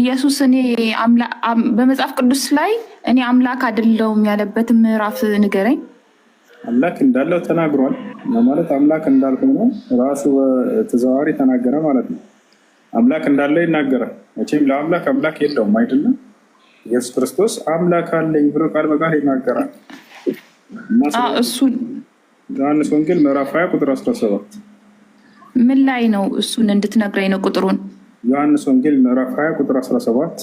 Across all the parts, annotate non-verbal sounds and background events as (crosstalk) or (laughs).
ኢየሱስ እኔ በመጽሐፍ ቅዱስ ላይ እኔ አምላክ አይደለሁም ያለበትን ምዕራፍ ንገረኝ። አምላክ እንዳለው ተናግሯል። ማለት አምላክ እንዳልሆነ ራሱ ተዘዋዋሪ ተናገረ ማለት ነው። አምላክ እንዳለው ይናገራል። መቼም ለአምላክ አምላክ የለውም አይደለም። ኢየሱስ ክርስቶስ አምላክ አለኝ ብሎ ቃል በቃል ይናገራል። እሱ ዮሐንስ ወንጌል ምዕራፍ ሀያ ቁጥር 17 ምን ላይ ነው? እሱን እንድትነግረኝ ነው ቁጥሩን ዮሐንስ ወንጌል ምዕራፍ 20 ቁጥር 17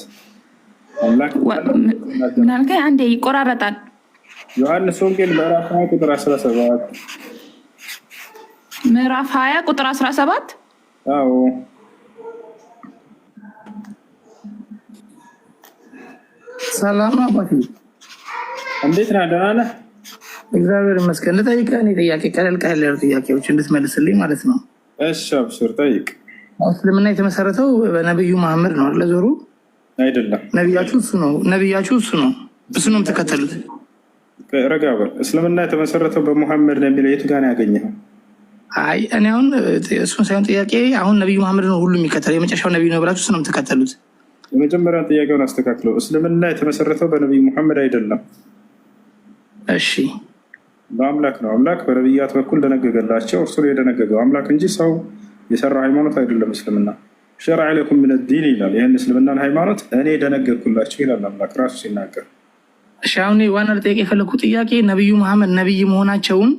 ምናልከ አንዴ ይቆራረጣል። ዮሐንስ ወንጌል ምዕራፍ 20 ቁጥር 17 ምዕራፍ 20 ቁጥር 17 አዎ ሰላም አባቴ እንዴት ነህ? ደህና ነህ? እግዚአብሔር ይመስገን። ልጠይቅህ እኔ ጥያቄ ቀለል ቀለል ያሉ ጥያቄዎች እንድትመልስልኝ ማለት ነው። እሺ አብሽር ጠይቅ። እስልምና የተመሰረተው በነቢዩ መሐመድ ነው። ለዞሩ አይደለም ነቢያችሁ እሱ ነው። ነቢያችሁ እሱ ነው። እሱ ነው የምትከተሉት። ረጋ በል። እስልምና የተመሰረተው በሙሐመድ ነው የሚለው የቱ ጋር ያገኘው? አይ እኔ አሁን እሱን ሳይሆን ጥያቄ አሁን ነቢዩ መሐመድ ነው ሁሉ የሚከተለው የመጨረሻው ነቢዩ ነው ብላችሁ እሱ ነው የምትከተሉት። የመጀመሪያ ጥያቄውን አስተካክለው። እስልምና የተመሰረተው በነቢዩ ሙሐመድ አይደለም። እሺ በአምላክ ነው። አምላክ በነቢያት በኩል ደነገገላቸው። እርሱ የደነገገው አምላክ እንጂ ሰው የሰራ ሃይማኖት አይደለም እስልምና። ሸራ ለኩም ምን ዲን ይላል። ይህን እስልምናን ሃይማኖት እኔ ደነገግኩላቸው ይላል አምላክ ራሱ ሲናገር። እሺ አሁን ዋና ልጠይቅ የፈለግኩ ጥያቄ ነቢዩ መሐመድ ነቢይ መሆናቸውን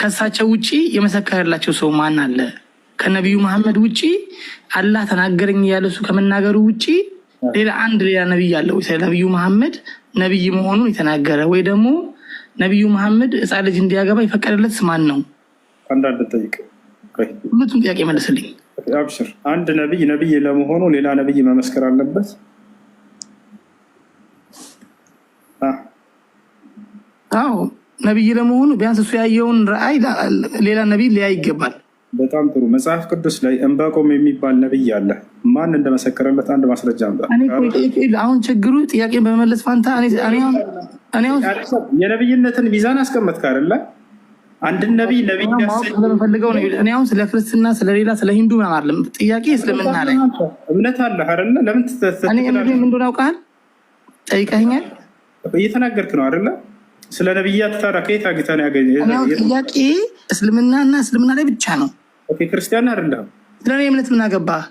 ከእሳቸው ውጭ የመሰከረላቸው ሰው ማን አለ? ከነቢዩ መሐመድ ውጭ አላህ ተናገረኝ ያለ እሱ ከመናገሩ ውጭ ሌላ አንድ ሌላ ነቢይ አለው? ነቢዩ መሐመድ ነቢይ መሆኑን የተናገረ ወይ ደግሞ ነቢዩ መሐመድ ሕፃን ልጅ እንዲያገባ የፈቀደለት ማን ነው? አንዳንድ ጠይቅ ሁለቱም ጥያቄ መልስልኝ። አብሽር አንድ ነቢይ ነቢይ ለመሆኑ ሌላ ነቢይ መመስከር አለበት? አዎ ነቢይ ለመሆኑ ቢያንስ እሱ ያየውን ረአይ ሌላ ነቢይ ሊያይ ይገባል። በጣም ጥሩ። መጽሐፍ ቅዱስ ላይ እንባቆም የሚባል ነቢይ አለ። ማን እንደመሰከረለት አንድ ማስረጃ አሁን ችግሩ ጥያቄ በመመለስ ፋንታ የነቢይነትን ሚዛን አስቀመጥክ አይደለ? አንድን ነቢይ ነቢይ ስለምፈልገው ነው። እኔ አሁን ስለ ክርስትና ስለሌላ ስለ ሂንዱ ምናምን አይደለም ጥያቄ እስልምና ላይ እምነት አለ አይደለ? ለምን ምን እንደሆነ አውቃል ጠይቀኛል። እየተናገርክ ነው አይደለ? ስለ ነቢያት ታዲያ ከየት አግኝተህ ነው ያገኘኸው? ጥያቄ እስልምና እና እስልምና ላይ ብቻ ነው። ክርስቲያን አይደለም። ስለ እኔ እምነት ምን አገባህ?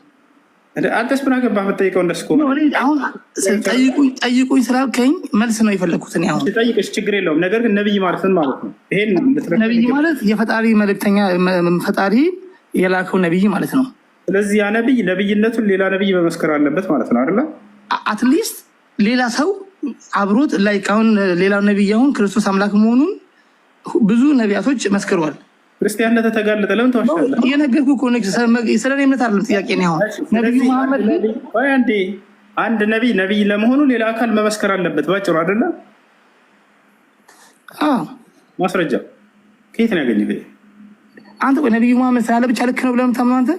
አንተስ ምን አገባህ? የምጠይቀው እንደሱ ጠይቁኝ ስላልከኝ መልስ ነው የፈለግኩት። እኔ ጠይቅሽ ችግር የለውም። ነገር ግን ነቢይ ማለትን ማለት ነው። ይሄን ነብይ ማለት የፈጣሪ መልእክተኛ፣ ፈጣሪ የላከው ነብይ ማለት ነው። ስለዚህ ያ ነብይ ነብይነቱን ሌላ ነብይ መመስከር አለበት ማለት ነው አይደለ? አትሊስት ሌላ ሰው አብሮት ላይ አሁን ሌላው ነቢይ አሁን ክርስቶስ አምላክ መሆኑን ብዙ ነቢያቶች መስክረዋል። ክርስቲያን ለተተጋለጠ ለምን ተዋሻለ? እየነገርኩህ እኮ ስለ እምነት አይደለም ጥያቄ ነው። ነቢዩ መሐመድ አንድ ነቢይ ነቢይ ለመሆኑ ሌላ አካል መመስከር አለበት። ባጭሩ አደለ ማስረጃ ከየት ነው ያገኘ? አንተ ነቢዩ መሐመድ ስላለ ብቻ ልክ ነው ብለህ ነው አንተ?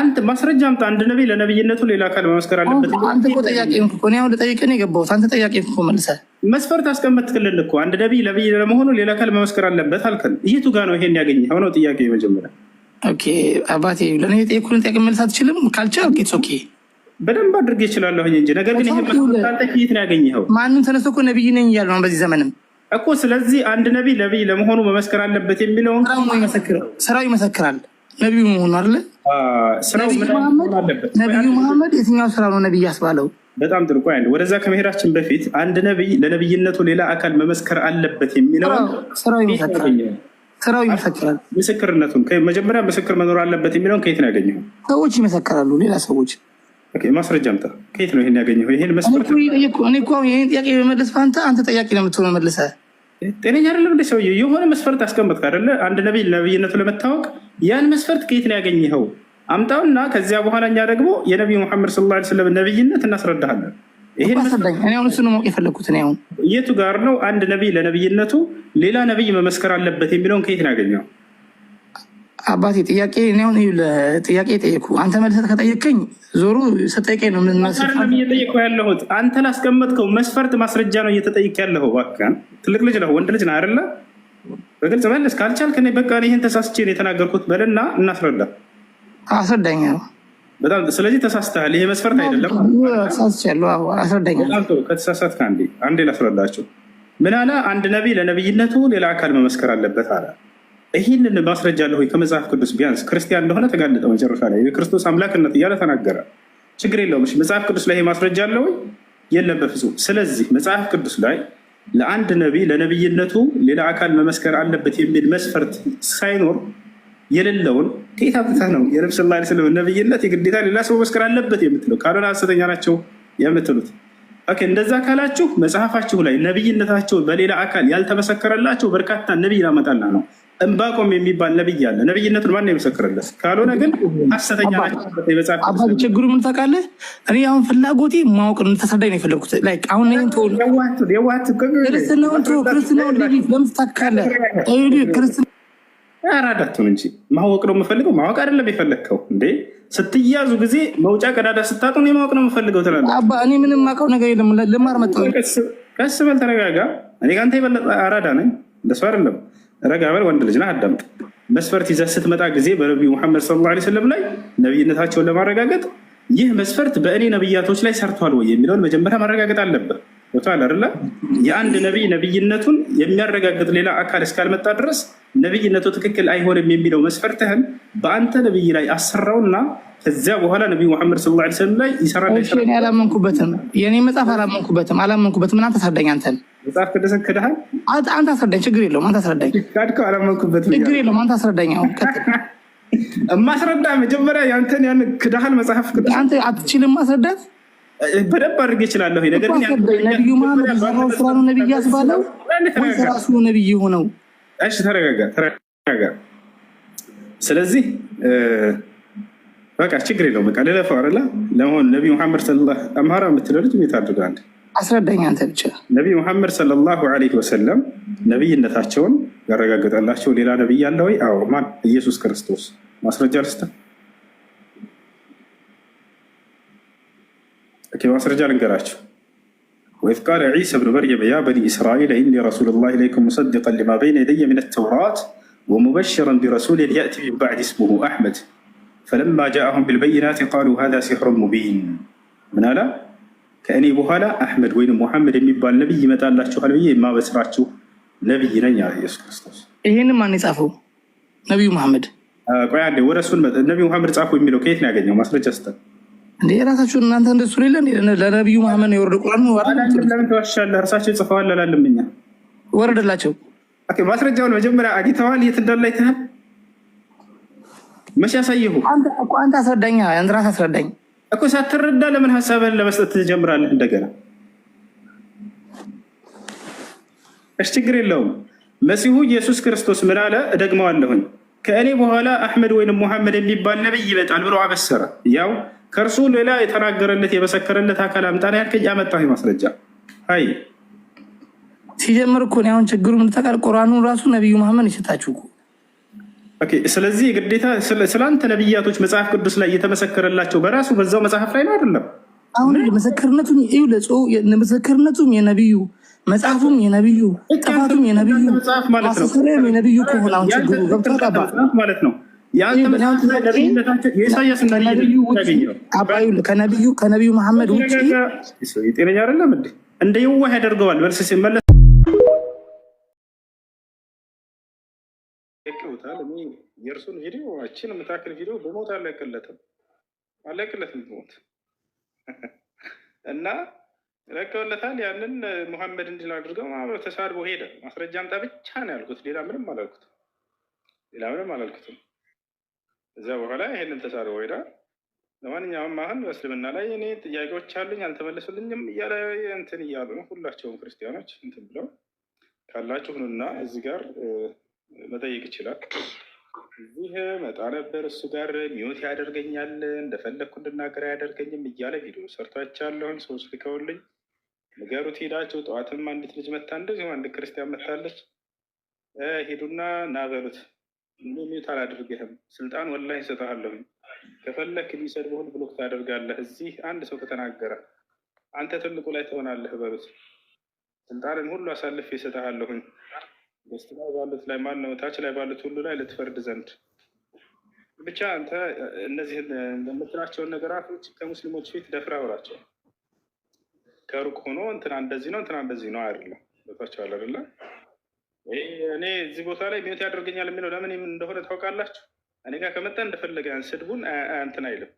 አንተ ማስረጃ አምጣ። አንድ ነቢይ ለነብይነቱ ሌላ አካል መመስከር አለበት። አንተ እኮ ጠያቄ እኮ ነው። አሁን ጠይቄ ነው የገባሁት። አንተ ጠያቄ እኮ መልሰህ መስፈርት አስቀመጥክልን እኮ። አንድ ነቢይ ለብይ ለመሆኑ ሌላ አካል መመስከር አለበት አልከን። የቱ ጋ ነው ይሄን ያገኘ ሆነው ጥያቄ መጀመሪያ አባቴ ለእኔ የጠየኩህን ጥያቄ መልስ አትችልም። ካልቻል ኦኬ በደንብ አድርጌ እችላለሁ እንጂ ነገር ግን ይሄ ነው ያገኘኸው። ማንም ተነስቶ እኮ ነቢይ ነኝ እያለ ነው በዚህ ዘመንም እኮ። ስለዚህ አንድ ነቢይ ለብይ ለመሆኑ መመስከር አለበት የሚለውን ስራው ይመሰክራል። ነቢዩ መሆኑ አለ። ነቢዩ መሐመድ የትኛው ስራ ነው ነቢይ ያስባለው? በጣም ጥሩ። ቆይ ወደዛ ከመሄዳችን በፊት አንድ ነቢይ ለነቢይነቱ ሌላ አካል መመስከር አለበት የሚለው ስራው ይመሰክራል። ምስክርነቱን መጀመሪያ ምስክር መኖር አለበት የሚለውን ከየት ነው ያገኘው? ሰዎች ይመሰክራሉ። ሌላ ሰዎች ማስረጃ አምጣ። ከየት ነው ይሄን ያገኘው? ይሄን መስፈርት እኔ እኮ ይሄን ጥያቄ በመለስ ፋንታ አንተ ጠያቂ ነው የምትሆነው መልሰህ ጤነኛ አይደለም እንደ ሰውዬው የሆነ መስፈርት አስቀመጥክ አይደለ? አንድ ነቢይ ነቢይነቱ ለመታወቅ ያን መስፈርት ከየት ነው ያገኘኸው? አምጣውና ከዚያ በኋላ እኛ ደግሞ የነቢይ ሙሐመድ ስለ ላ ስለም ነቢይነት እናስረዳሃለን። ይሄን አሁን እሱን ማወቅ የፈለግኩት እኔ አሁን የቱ ጋር ነው አንድ ነቢይ ለነቢይነቱ ሌላ ነቢይ መመስከር አለበት የሚለውን ከየት ነው ያገኘው? አባቴ ጥያቄ ጥያቄ ጠየኩ። አንተ መልሰት ከጠየቀኝ ዞሩ ስጠይቀኝ ነው ምንናስለም እየጠየቀው ያለሁት አንተ ላስቀመጥከው መስፈርት ማስረጃ ነው እየተጠይቅ ያለሁ። እባክህ ትልቅ ልጅ ነው ወንድ ልጅ ነው አይደለ? በግልጽ መለስ። ካልቻልክ እኔ በቃ ይህን ተሳስቼ ነው የተናገርኩት በልና እናስረዳ። አስረዳኝ ነው በጣም ስለዚህ ተሳስተሃል። ይሄ መስፈርት አይደለም። ከተሳሳትክ አንዴ አንዴ ላስረዳቸው። ምን አለ? አንድ ነቢይ ለነቢይነቱ ሌላ አካል መመስከር አለበት አለ ይህንን ማስረጃ ለሆይ ከመጽሐፍ ቅዱስ ቢያንስ ክርስቲያን እንደሆነ ተጋለጠ። መጨረሻ ላይ የክርስቶስ አምላክነት እያለ ተናገረ። ችግር የለውም። መጽሐፍ ቅዱስ ላይ ማስረጃ አለው የለም? በፍጹም። ስለዚህ መጽሐፍ ቅዱስ ላይ ለአንድ ነቢይ ለነቢይነቱ ሌላ አካል መመስከር አለበት የሚል መስፈርት ሳይኖር የሌለውን ከየት አምጥተህ ነው የነብስ ላ ስለም ነቢይነት የግዴታ ሌላ ሰው መመስከር አለበት የምትለው? ካልሆነ ሐሰተኛ ናቸው የምትሉት። እንደዛ ካላችሁ መጽሐፋችሁ ላይ ነቢይነታቸው በሌላ አካል ያልተመሰከረላቸው በርካታ ነቢይ ላመጣላ ነው እንባቆም የሚባል ነብይ አለ። ነብይነቱን ማን የመሰክርለት? ካልሆነ ግን ሐሰተኛ ችግሩ ምን ታውቃለህ? እኔ አሁን ፍላጎቴ ማወቅ ተሰዳኝ ነው የፈለጉት። አሁን አራዳቱን እንጂ ማወቅ ነው የምፈልገው። ማወቅ አይደለም የፈለግከው እንዴ? ስትያዙ ጊዜ መውጫ ቀዳዳ ስታጡ እኔ ማወቅ ነው የምፈልገው ትላለህ። አባ እኔ ምንም የማውቀው ነገር የለም። ልማር መጣሁ። ቀስ በል ተረጋጋ። እኔ ከአንተ የበለጠ አራዳ ነኝ። እንደሱ አይደለም ረጋ በል ወንድ ልጅ ና አዳምጥ። መስፈርት ይዘህ ስትመጣ ጊዜ በነቢዩ ሙሐመድ ሰለላሁ ዐለይሂ ወሰለም ላይ ነቢይነታቸውን ለማረጋገጥ ይህ መስፈርት በእኔ ነቢያቶች ላይ ሰርቷል ወይ የሚለውን መጀመሪያ ማረጋገጥ አለብህ። ቶታል አለ የአንድ ነቢይ ነቢይነቱን የሚያረጋግጥ ሌላ አካል እስካልመጣ ድረስ ነቢይነቱ ትክክል አይሆንም የሚለው መስፈርትህን በአንተ ነቢይ ላይ አሰራውና ከዚያ በኋላ ነቢዩ ሙሐመድ ሰለላሁ ዐለይሂ ወሰለም ላይ ይሰራል። አላመንኩበትም፣ የኔ መጽሐፍ አላመንኩበትም፣ አላመንኩበትም። ምን ታደኝ አንተን መጽሐፍ ቅዱስን ክድሃል። አንተ አስረዳኝ፣ ችግር የለውም አንተ አስረዳኝ። ካድከው አላመንኩበትም፣ ችግር የለውም አንተ አስረዳኝ። (laughs) እማስረዳ መጀመሪያ ያንተን ያን ክድሃል መጽሐፍ ቅዱስ አንተ አትችልም ማስረዳት። በደንብ አድርጌ እችላለሁ። ነገር ነቢዩ መሐመድ ስራ ነው ነቢይ ያስባለው ወይስ ራሱ ነቢይ የሆነው? እሺ ተረጋጋ፣ ተረጋጋ። ስለዚህ በቃ ችግር የለውም። በቃ ልለፈው አይደለ? ለመሆኑ ነቢ መሐመድ ስለ አምሃራ የምትለው ልጅ የት አድርጋለህ? አስረዳኝ አንተ ብቻ። ነቢይ ሙሐመድ ሰለላሁ ዐለይሂ ወሰለም ነቢይነታቸውን ያረጋገጠላቸው ሌላ ነቢይ አለ ወይ? አዎ። ማን? ኢየሱስ ክርስቶስ። ማስረጃ ልስተ ማስረጃ ልንገራቸው። ወኢዝ ቃለ ዒሳ ብኑ መርየም ያ በኒ እስራኤል ኢኒ ረሱሉላሂ ኢለይኩም ሙሰዲቀን ሊማ በይነ የደየ ሚነ ተውራት ومبشرا برسول يأتي من بعد اسمه أحمد فلما جاءهم بالبينات قالوا هذا سحر مبين من هذا؟ ከእኔ በኋላ አሕመድ ወይም ሙሐመድ የሚባል ነቢይ ይመጣላችኋል ብዬ የማበስራችሁ ነቢይ ነኝ አለ ኢየሱስ ክርስቶስ። ይህን ማን የጻፈው? ነቢዩ መሐመድ። ቆይ አንዴ፣ ወደ እሱን ነቢዩ መሐመድ ጻፈው የሚለው ከየት ነው ያገኘው? ማስረጃ ስጠን። እንደ የራሳችሁ እናንተ እንደሱ ሌለ ለነቢዩ መሐመድ ነው የወረደ ቁርአን። ነው ለምን ትዋሻለህ? እርሳቸው ጽፈዋል አላለም። እኛ ወረደላቸው። ማስረጃውን መጀመሪያ አግኝተዋል። የት እንዳለ አይተሃል? መቼ ያሳየሁ? አንተ አስረዳኛ፣ ራስ አስረዳኝ እኮ ሳትረዳ ለምን ሀሳብህን ለመስጠት ትጀምራለህ? እንደገና እሽ፣ ችግር የለውም። መሲሁ ኢየሱስ ክርስቶስ ምን አለ? እደግመዋለሁኝ ከእኔ በኋላ አሕመድ ወይንም ሙሐመድ የሚባል ነቢይ ይመጣል ብሎ አበሰረ። ያው ከእርሱ ሌላ የተናገረለት የመሰከረለት አካል አምጣና ያልከኝ ያመጣህ ማስረጃ አይ ሲጀምር እኮ አሁን ችግሩ ምን ታውቃለህ? ቁርአኑን ራሱ ነቢዩ መሐመድ ይሰጣችሁ ስለዚህ የግዴታ ስለአንተ ነቢያቶች መጽሐፍ ቅዱስ ላይ እየተመሰከረላቸው በራሱ በዛው መጽሐፍ ላይ ነው አይደለም። አሁን ምስክርነቱም የነቢዩ መጽሐፉም የነቢዩ ጥፋቱም የነቢዩ ማስተሰሪያም የነቢዩ ከሆነ አሁን ችግሩ ገብቶሃል ማለት ነው። ከነቢዩ መሐመድ ውጭ ጤነኛ አይደለም እንደ የዋህ ያደርገዋል መለስ ያዩታል። እኔ የእርሱን ቪዲዮ አችን የምታክል ቪዲዮ በሞት አለቅለትም አለቅለትም በሞት እና ለቀውለታል። ያንን ሙሐመድ እንዲል አድርገው ተሳድቦ ሄደ። ማስረጃ አምጣ ብቻ ነው ያልኩት፣ ሌላ ምንም አላልኩትም። ሌላ ምንም አላልኩትም። እዚያ በኋላ ይሄንን ተሳድቦ ሄዳ ለማንኛውም አሁን በእስልምና ላይ እኔ ጥያቄዎች አሉኝ አልተመለሱልኝም እያለ እንትን እያሉ ነው። ሁላቸውም ክርስቲያኖች እንትን ብለው ሁኑና እዚህ ጋር መጠየቅ ይችላል። ይህ መጣ ነበር እሱ ጋር ሚወት ያደርገኛል፣ እንደፈለግኩ እንድናገር አያደርገኝም እያለ ቪዲዮ ሰርቷቻለሁን ሰዎች ልከውልኝ ንገሩት ሄዳቸው። ጠዋትም አንዲት ልጅ መታ፣ እንደዚሁ አንድ ክርስቲያን መታለች። ሄዱና ናበሉት ሚውት አላደርግህም፣ ስልጣን ወላሂ እሰጥሃለሁኝ፣ ከፈለክ የሚሰድብህን ብሎክ ታደርጋለህ። እዚህ አንድ ሰው ከተናገረ አንተ ትልቁ ላይ ትሆናለህ በሉት፣ ስልጣንን ሁሉ አሳልፍ ይሰጠሃለሁኝ በስት ላይ ባሉት ላይ ማን ነው ታች ላይ ባሉት ሁሉ ላይ ልትፈርድ ዘንድ ብቻ አንተ እነዚህን የምትላቸውን ነገራቶች ከሙስሊሞች ፊት ደፍረህ አውራቸው። ከሩቅ ሆኖ እንትና እንደዚህ ነው እንትና እንደዚህ ነው አይደለም ቦታቸዋል አይደለም። እኔ እዚህ ቦታ ላይ ሚወት ያደርገኛል የሚለው ለምን እንደሆነ ታውቃላችሁ። እኔ ጋር ከመጣ እንደፈለገ ስድቡን እንትን አይልም፣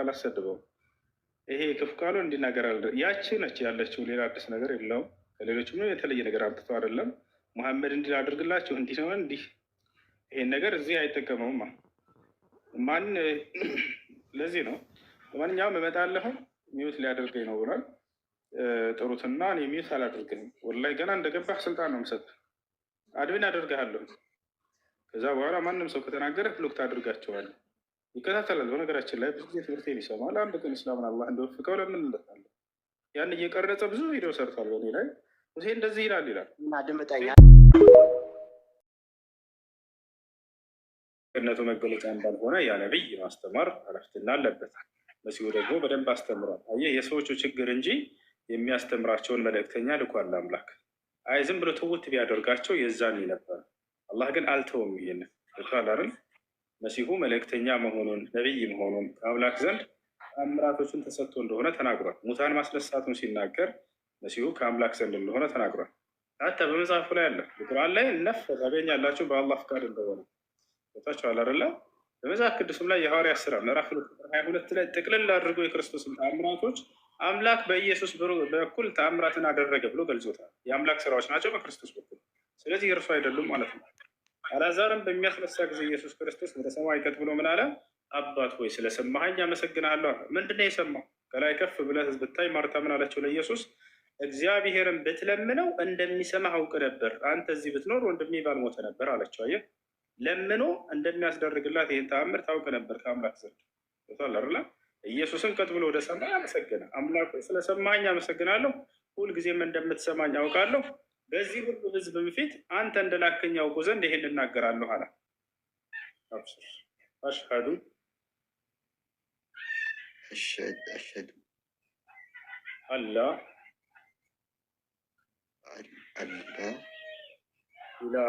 አላሰድበውም። ይሄ ክፉ ቃሉ እንዲናገር ያቺ ነች ያለችው፣ ሌላ አዲስ ነገር የለውም። ከሌሎች የተለየ ነገር አምጥተው አይደለም። ሙሐመድ እንዲህ ላድርግላችሁ እንዲህ ነው እንዲህ ይሄን ነገር እዚህ አይጠቀመውማ ማን ለዚህ ነው ለማንኛውም እመጣለሁ ሚዩት ሊያደርገኝ ነው ብሏል። ጥሩትና እኔ ሚዩት አላደርግም። ወላሂ ገና እንደገባህ ስልጣን ነው የምሰጥ አድሚን አደርግሃለሁ። ከዛ በኋላ ማንም ሰው ከተናገረ ብሎክ ታደርጋቸዋለህ። ይከታተላል። በነገራችን ላይ ብዙ ጊዜ ትምህርት ይሰማል። አንድ ቀን እስላምን አላህ እንደወፍቀው ለምን ያን እየቀረጸ ብዙ ቪዲዮ ሰርቷል በእኔ ላይ ሙሴ እንደዚህ ይላል ይላል ድምጠኛ ገነቱ መገለጫ እንዳልሆነ ያ ነቢይ ማስተማር ረፍትና አለበታል። መሲሁ ደግሞ በደንብ አስተምሯል። አየህ የሰዎቹ ችግር እንጂ የሚያስተምራቸውን መልእክተኛ ልኳል አምላክ። አይ ዝም ብሎ ትውት ቢያደርጋቸው የዛን ነበር። አላህ ግን አልተውም። ይሄን ልኳላርን መሲሁ መልእክተኛ መሆኑን ነቢይ መሆኑን ከአምላክ ዘንድ አምራቶችን ተሰጥቶ እንደሆነ ተናግሯል። ሙታን ማስነሳቱን ሲናገር መሲሁ ከአምላክ ዘንድ እንደሆነ ተናግሯል። ታ በመጽሐፉ ላይ አለ። በቁርአን ላይ ነፍ ታገኛላችሁ በአላህ ፍቃድ እንደሆነ ቦታችኋል አደለ። በመጽሐፍ ቅዱስም ላይ የሐዋርያት ስራ ምዕራፍ ሀያ ሁለት ላይ ጥቅልል አድርጎ የክርስቶስን ተአምራቶች አምላክ በኢየሱስ በኩል ተአምራትን አደረገ ብሎ ገልጾታል። የአምላክ ስራዎች ናቸው በክርስቶስ በኩል ስለዚህ እርሱ አይደሉም ማለት ነው። አላዛርም በሚያስነሳ ጊዜ ኢየሱስ ክርስቶስ ወደ ሰማይ ቀጥ ብሎ ምን አለ? አባት ሆይ ስለሰማኸኝ አመሰግናለሁ። ምንድነው የሰማው? ከላይ ከፍ ብለህ ብታይ ማርታ ምን አለችው ለኢየሱስ እግዚአብሔርን ብትለምነው እንደሚሰማ አውቅ ነበር። አንተ እዚህ ብትኖር ወንድሜ ባልሞተ ነበር አለችው። አየህ፣ ለምኖ እንደሚያስደርግላት ይህን ተአምር ታውቅ ነበር ከአምላክ ዘንድ ታላርላ ኢየሱስን ቀጥ ብሎ ወደ ሰማይ አመሰግነ አምላክ ስለሰማኝ አመሰግናለሁ፣ ሁልጊዜም እንደምትሰማኝ አውቃለሁ። በዚህ ሁሉ ህዝብ በፊት አንተ እንደላከኝ አውቁ ዘንድ ይሄን እናገራለሁ አለ። አሽሀዱ አላ إله إلا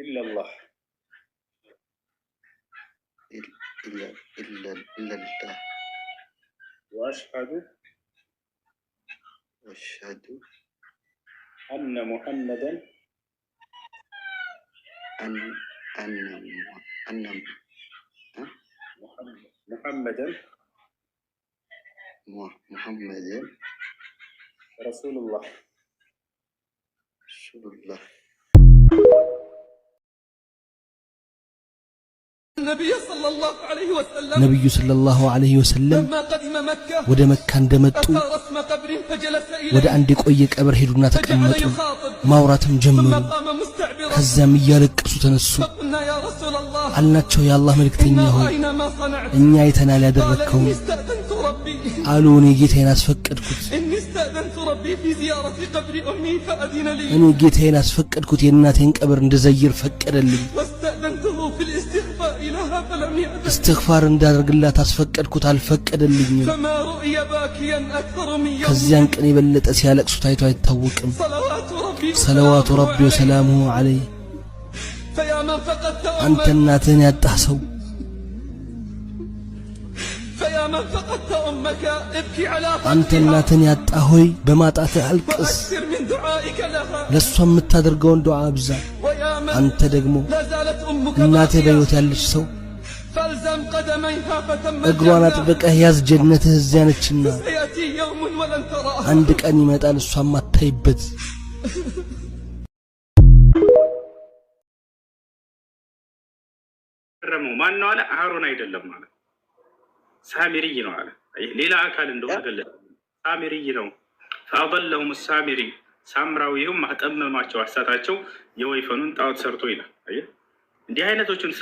الله إلا إلا إلا الله وأشهد أشهد أن محمدا أن أن أن أه؟ محمدا ሙሐመድን ረሱሉላህ ረሱሉላህ ነቢዩ ሰለላሁ ዐለይሂ ወሰለም ወደ መካ እንደመጡ ወደ አንድ የቆየ ቀብር ሄዱና ተቀመጡ። ማውራትም ጀመሩ። ከዚያም እያለቀሱ ተነሱ። አልናቸው፣ የአላህ መልእክተኛ ሆይ እኛ አይተናል ያደረግከውን አሉ እኔ ጌታዬን አስፈቀድኩት። እኔ ጌታዬን አስፈቀድኩት፣ የእናቴን ቀብር እንድዘይር ፈቀደልኝ። እስትግፋር እንዳደርግላት አስፈቀድኩት፣ አልፈቀደልኝም። ከዚያን ቀን የበለጠ ሲያለቅሱ ታይቶ አይታወቅም። ሰለዋቱ ረቢ ወሰላሙሁ ዐለይህ። አንተ እናትህን ያጣህ ሰው አንተ እናትን ያጣ ሆይ በማጣትህ አልቅስ፣ ለእሷ የምታደርገውን ዱዓ አብዛ። አንተ ደግሞ እናቴ በሕይወት ያለች ሰው እግሯን አጥብቀህ ያዝ፣ ጀነትህ እዚያ ነችና። አንድ ቀን ይመጣል እሷ ማታይበት። ማን ነው አለ? አሮን አይደለም አለ፣ ሳሚሪ ነው አለ። ሌላ አካል እንደሆነ ገለጸ። ሳሚሪይ ነው። ፈአበለሁም ሳሚሪ ሳምራዊውም አጠመማቸው፣ አሳታቸው የወይፈኑን ጣዖት ሰርቶ ይላል። እንዲህ አይነቶችን